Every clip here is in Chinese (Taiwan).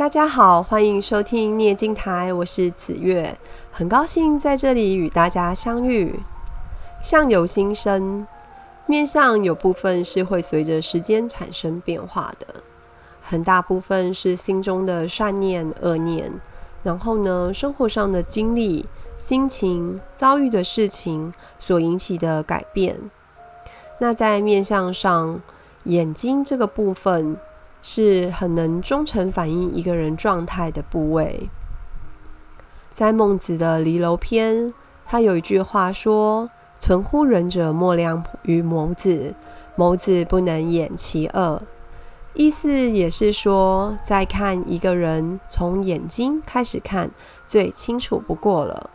大家好，歡迎收聽《念經台》，我是紫玥，很高興在這裡與大家相遇。相由心生，面相有部分是會隨着時間產生變化的，很大部分是心中的善念、惡念，然後呢，生活上的經歷、心情、遭遇的事情所引起的改變。那在面相上，眼睛這個部分。是很能忠誠反映一個人狀態的部位。在孟子的《離樓篇》，他有一句話說：“存乎人者，莫良於眸子，眸子不能掩其惡。”意思也是說，在看一個人，從眼睛開始看，最清楚不過了。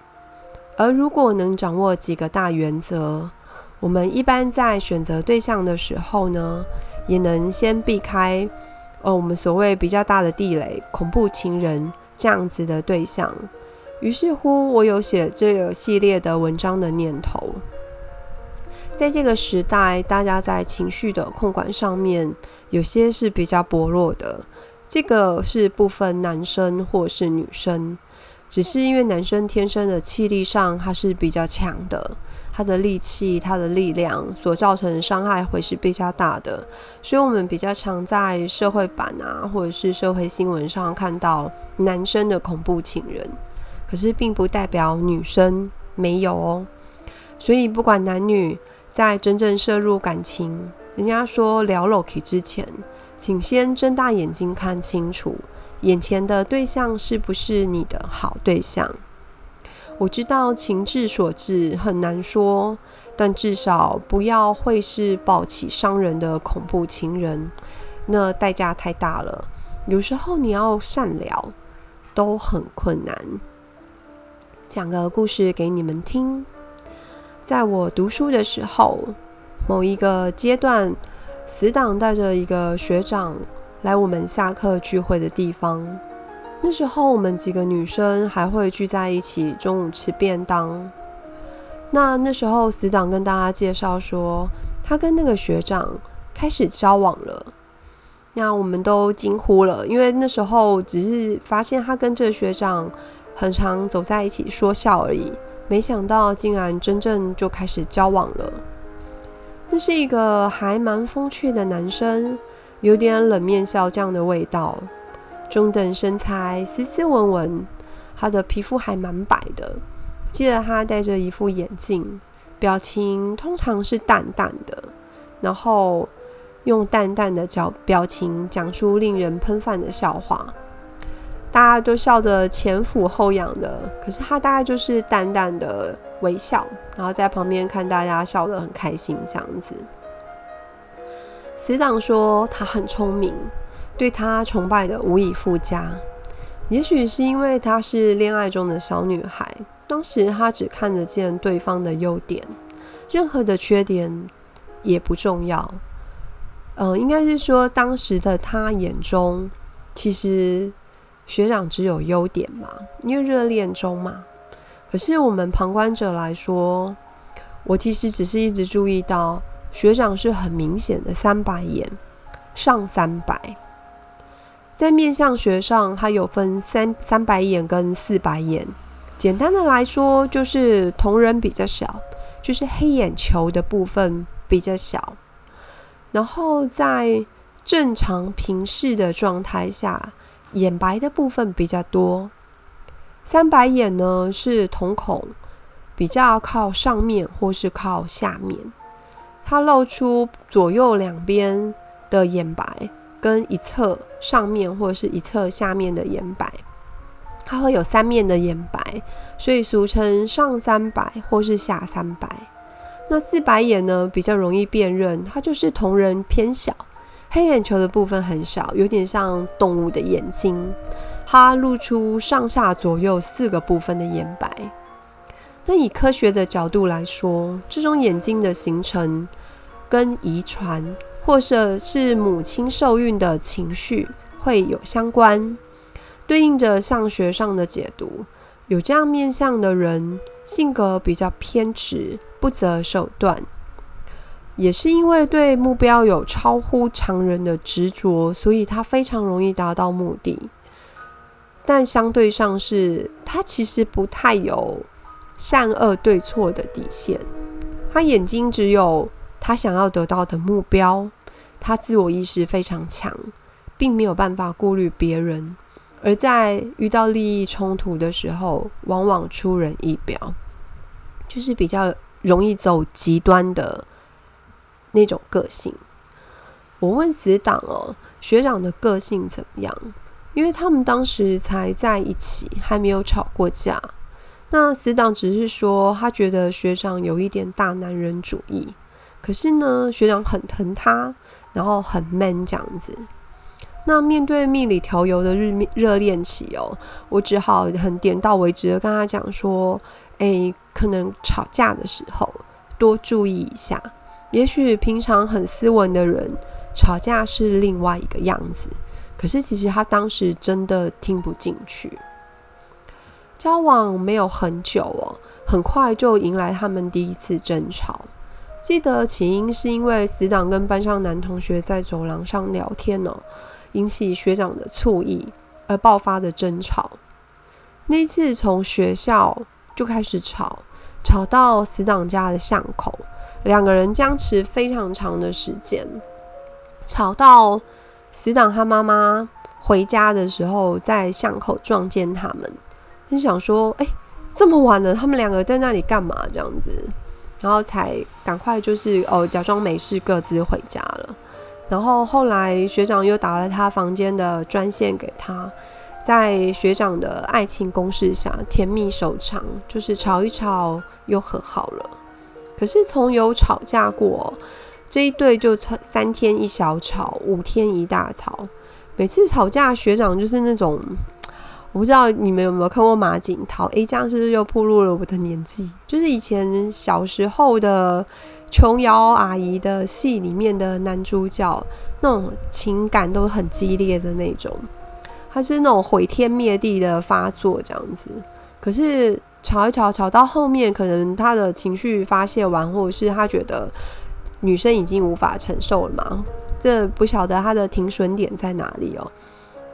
而如果能掌握幾個大原則，我們一般在選擇對象的時候呢，也能先避開。哦，我們所謂比較大的地雷、恐怖情人這樣子的對象，於是乎我有寫這個系列的文章的念頭。在這個時代，大家在情緒的控管上面有些是比較薄弱的，這個是不分男生或是女生，只是因為男生天生的氣力上他是比較強的。他的力氣、他的力量所造成的傷害會是比較大的，所以我們比較常在社會版啊，或者是社會新聞上看到男生的恐怖情人，可是並不代表女生沒有哦。所以不管男女，在真正涉入感情，人家說撩落去之前，請先睜大眼睛看清楚，眼前的對象是不是你的好對象？我知道情之所至，很難說，但至少不要會是暴起傷人的恐怖情人，那代價太大了。有時候你要善了都很困難。講個故事給你們聽，在我讀書的時候，某一個階段，死黨帶着一個學長來我們下課聚會的地方。那時候我們幾個女生還會聚在一起中午吃便當。那那時候死黨跟大家介紹說，她跟那個學長開始交往了。那我們都驚呼了，因為那時候只是發現她跟這個學長很常走在一起說笑而已，沒想到竟然真正就開始交往了。那是一個還蠻風趣的男生，有點冷面笑匠的味道。中等身材，斯斯文文，他的皮膚還蠻白的。記得他戴着一副眼鏡，表情通常是淡淡的，然後用淡淡的表表情講述令人噴飯的笑話，大家都笑得前俯後仰的。可是他大概就是淡淡的微笑，然後在旁邊看大家笑得很開心這樣子。死黨說他很聰明。對他崇拜的無以復加，也許是因為她是戀愛中的小女孩。當時她只看得見對方的優點，任何的缺點也不重要。嗯、呃，應該是說當時的她眼中，其實學長只有優點嘛，因為熱戀中嘛。可是我們旁觀者來說，我其實只是一直注意到學長是很明顯的三白眼，上三白。在面相學上，它有分三三白眼跟四白眼。簡單的來說，就是瞳仁比較小，就是黑眼球的部分比較小。然後在正常平視的狀態下，眼白的部分比較多。三白眼呢，是瞳孔比較靠上面或是靠下面，它露出左右兩邊的眼白跟一側。上面或是一側下面的眼白，它會有三面的眼白，所以俗稱上三白或是下三白。那四白眼呢，比較容易辨認，它就是瞳仁偏小，黑眼球的部分很小，有點像動物的眼睛，它露出上下左右四個部分的眼白。那以科學的角度來說，這種眼睛的形成跟遺傳。或者是母親受孕的情緒會有相關，對應着相學上的解讀，有這樣面相的人，性格比較偏執，不擇手段，也是因為對目標有超乎常人的執着，所以他非常容易達到目的，但相對上是他其實不太有善惡對錯的底線，他眼睛只有他想要得到的目標。他自我意識非常強，並沒有辦法顧慮別人，而在遇到利益衝突的時候，往往出人意表，就是比較容易走極端的那種個性。我問死黨哦，學長的個性怎麼樣？因為他們當時才在一起，還沒有吵過架。那死黨只是說，他覺得學長有一點大男人主義，可是呢，學長很疼他。然後很悶這樣子，那面對蜜裡調油的日熱戀期哦，我只好很點到為止的跟他講說，哎、欸，可能吵架的時候多注意一下，也許平常很斯文的人吵架是另外一個樣子，可是其實他當時真的聽不進去。交往沒有很久哦，很快就迎來他們第一次爭吵。記得起因是因為死黨跟班上男同學在走廊上聊天呢，哦，引起學長的醋意，而爆發的爭吵。那次從學校就開始吵，吵到死黨家的巷口，兩個人僵持非常長的時間，吵到死黨他媽媽回家的時候，在巷口撞見他們，就想說：“哎，欸，這麼晚了，他們兩個在那裡幹嘛？”這樣子。然後才趕快就是哦，假裝沒事，各自回家了。然後後來學長又打了他房間的專線給他，在學長的愛情攻勢下，甜蜜收場，就是吵一吵又和好了。可是從有吵架過這一對就三天一小吵，五天一大吵，每次吵架學長就是那種。我不知道你們有沒有看過馬景濤？誒、欸，這樣是不是又暴露了我的年紀？就是以前小時候的瓊瑤阿姨的戲裡面的男主角，那種情感都很激烈的那種，他是那種毀天滅地的發作這樣子。可是吵一吵，吵到後面，可能他的情緒發洩完，或者是他覺得女生已經無法承受了嘛，這不曉得他的停損點在哪裡哦。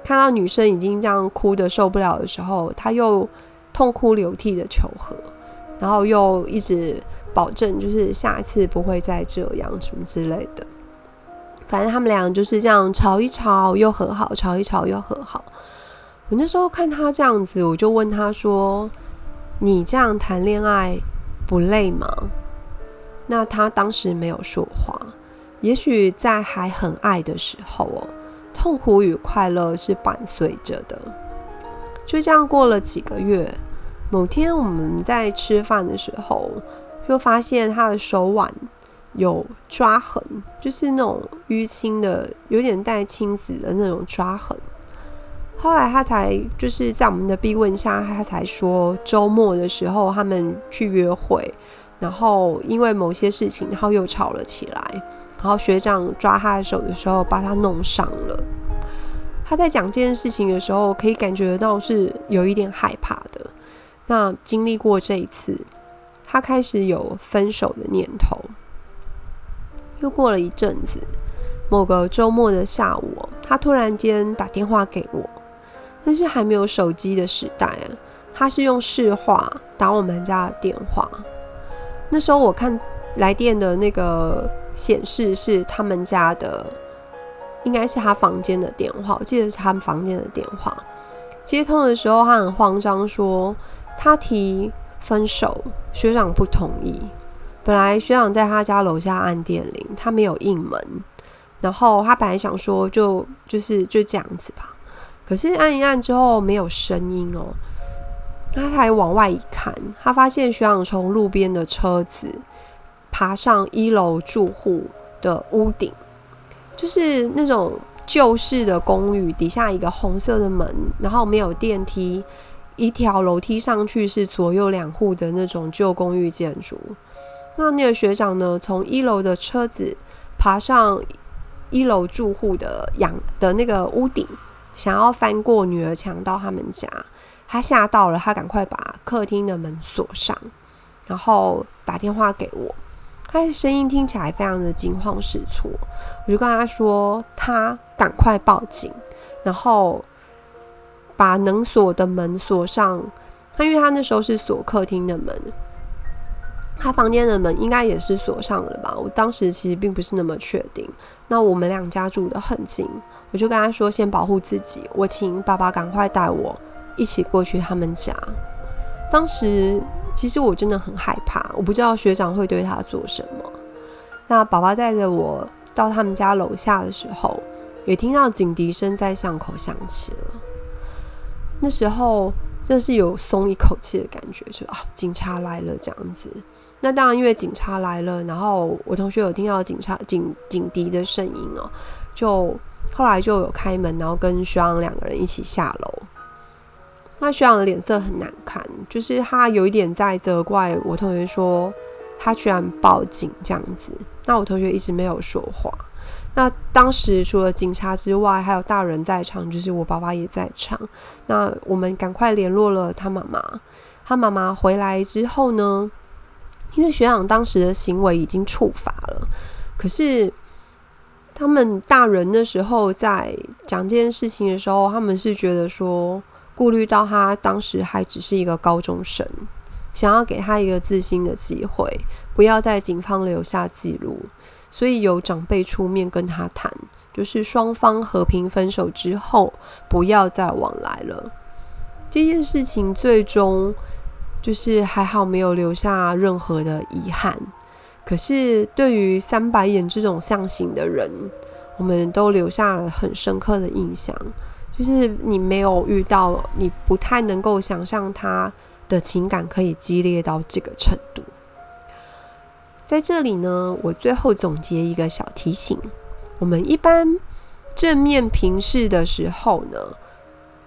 看到女生已經這樣哭得受不了的時候，他又痛哭流涕的求和，然後又一直保證就是下次不會再這樣什麼之類的。反正他們倆就是這樣吵一吵又和好，吵一吵又和好。我那時候看他這樣子，我就問他說：“你這樣談戀愛不累嗎？”那他當時沒有說話，也許在還很愛的時候哦。痛苦與快樂是伴隨着的，就這樣過了幾個月。某天我們在吃飯的時候，就發現他的手腕有抓痕，就是那種淤青的，有點帶青紫的那種抓痕。後來他才就是在我們的逼問下，他才說周末的時候他們去約會，然後因為某些事情，然後又吵了起來。然後學長抓他的手的時候，把他弄傷了。他在講這件事情的時候，可以感覺到是有一點害怕的。那經歷過這一次，他開始有分手的念頭。又過了一陣子，某個週末的下午，他突然間打電話給我，但是還沒有手機的時代啊，他是用市話打我們家的電話。那時候我看來電的那個。顯示是他們家的，應該是他房間的電話。我記得是他們房間的電話。接通的時候，他很慌張，說他提分手，學長不同意。本來學長在他家樓下按電鈴，他沒有應門。然後他本來想說就，就就是就這樣子吧。可是按一按之後沒有聲音哦。他才往外一看，他發現學長從路邊的車子。爬上一樓住戶的屋頂，就是那種舊式的公寓，底下一個紅色的門，然後沒有電梯，一條樓梯上去是左右兩戶的那種舊公寓建築。那那個學長呢，從一樓的車子爬上一樓住戶的陽的那個屋頂，想要翻過女兒牆到他們家，他嚇到了，他趕快把客廳的門鎖上，然後打電話給我。他的聲音聽起來非常的驚慌失措，我就跟他說：“他趕快報警，然後把能鎖的門鎖上。”他因為他那時候是鎖客廳的門，他房間的門應該也是鎖上了吧？我當時其實並不是那麼確定。那我們兩家住得很近，我就跟他說：“先保護自己，我請爸爸趕快帶我一起過去他們家。”當時。其實我真的很害怕，我不知道學長會對他做什麼。那爸爸帶着我到他們家樓下的時候，也聽到警笛聲在巷口響起了。那時候真是有鬆一口氣的感覺，就啊，警察來了這樣子。那當然，因為警察來了，然後我同學有聽到警察警警笛的聲音哦，就後來就有開門，然後跟學長兩個人一起下樓。那學長的臉色很難看，就是他有一點在責怪我同學，說他居然報警這樣子。那我同學一直沒有說話。那當時除了警察之外，還有大人在場，就是我爸爸也在場。那我們趕快聯絡了他媽媽。他媽媽回來之後呢，因為學長當時的行為已經觸法了，可是他們大人那時候在講這件事情的時候，他們是覺得說，顧慮到他當時還只是一個高中生，想要給他一個自新的機會，不要在警方留下記錄，所以由長輩出面跟他談，就是雙方和平分手之後不要再往來了。這件事情最終就是還好沒有留下任何的遺憾，可是對於三白眼這種象形的人，我們都留下了很深刻的印象。就是你沒有遇到，你不太能夠想象他的情感可以激烈到這個程度。在這裡呢，我最後總結一個小提醒：我們一般正面平視的時候呢，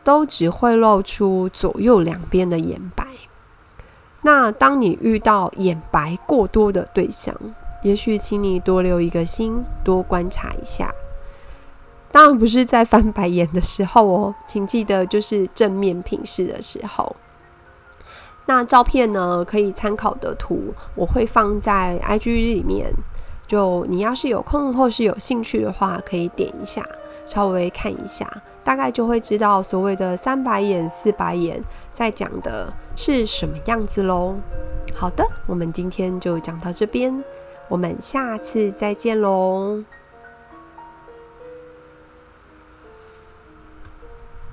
都只會露出左右兩邊的眼白。那當你遇到眼白過多的對象，也許請你多留一個心，多觀察一下。當然不是在翻白眼的時候哦，請記得，就是正面平視的時候。那照片呢，可以參考的圖我會放在 IG 日裡面，就你要是有空或是有興趣的話，可以點一下，稍微看一下，大概就會知道所謂的三白眼、四白眼在講的是什麼樣子嘍。好的，我們今天就講到這邊，我們下次再見嘍。